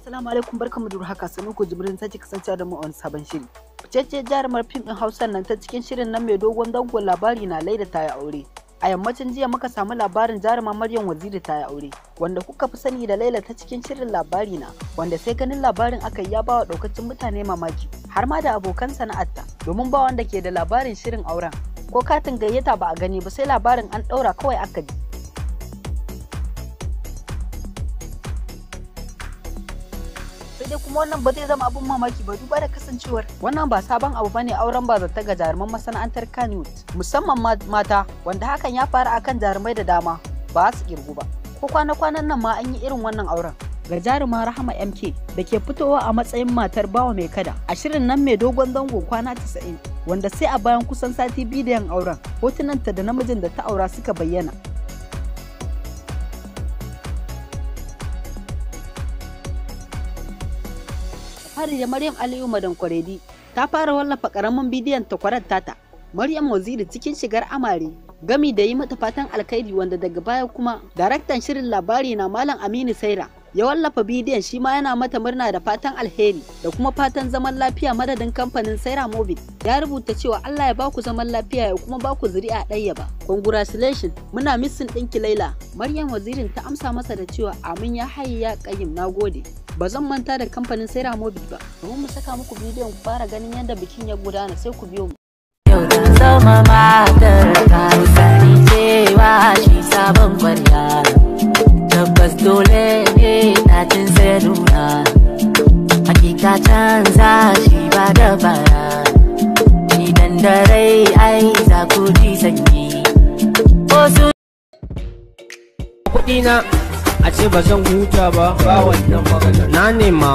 Assalamu alaikum barkamu da haka sanin ku jibrin sake kasancewa da mu a wani sabon shiri. Cece jarumar fim din Hausa nan ta cikin shirin nan mai dogon dango labari na laida ta yi aure. A yammacin jiya muka samu labarin jaruma Maryam Waziri ta yi aure, wanda kuka fi sani da Laila ta cikin shirin labari na, wanda sai ganin labarin aka ya bawa daukacin mutane mamaki, har ma da abokan sana'arta, domin ba wanda ke da labarin shirin auren. Ko katin gayyata ba a gani ba sai labarin an ɗaura kawai aka ji. dai kuma wannan ba zai zama abun mamaki ba duba da kasancewar wannan ba sabon abu bane auren ba bazata ga jaruman masana'antar Kannywood musamman mata wanda hakan ya faru akan jarumai da dama ba su kirgu ba ko kwana-kwanan nan ma an yi irin wannan auren ga jaruma Rahama MK da ke fitowa a matsayin matar bawa mai kada a shirin nan mai dogon zango kwana 90 wanda sai a bayan kusan sati biyu da yan auren hotunanta da namijin da ta aura suka bayyana fari da Maryam Aliyu Madan Kwaredi ta fara wallafa karamin bidiyon ta takwarar tata Maryam Waziri cikin shigar amare gami da yi mata fatan alkhairi wanda daga baya kuma daraktan shirin labari na Malam Aminu Saira ya wallafa bidiyon shi ma yana mata murna da fatan alheri da kuma fatan zaman lafiya madadin kamfanin saira mobit ya rubuta cewa allah ya baku zaman lafiya ya kuma baku zuri'a ɗaya ba congratulations muna missin ɗinki laila maryam wazirin ta amsa masa da cewa amin ya haye ya ƙayyim na gode ba zan manta da kamfanin saira mobit ba domin mu saka muku bidiyon ku fara ganin yadda bikin ya gudana sai ku biyo mu yau tabbas dole da nuna hakika can zashi ba da bara idan da rai ai za ku kuɗina a ce ba zan huta ba ba wannan na nema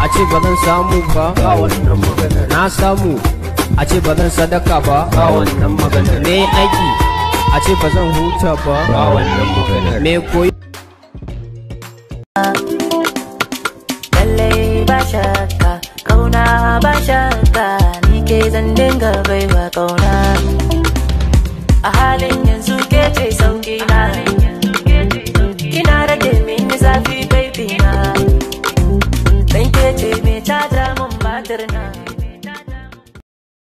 a ce ba zan samu ba ba na samu a ce ba zan sadaka ba me aiki a ce ba zan huta ba ba wannan me koyi shakka kauna ba shakka ni ke zan dinga baiwa kauna a halin yanzu ke ce sauki na kina rage mini zafi baby na dan ke ce me ta mun matar na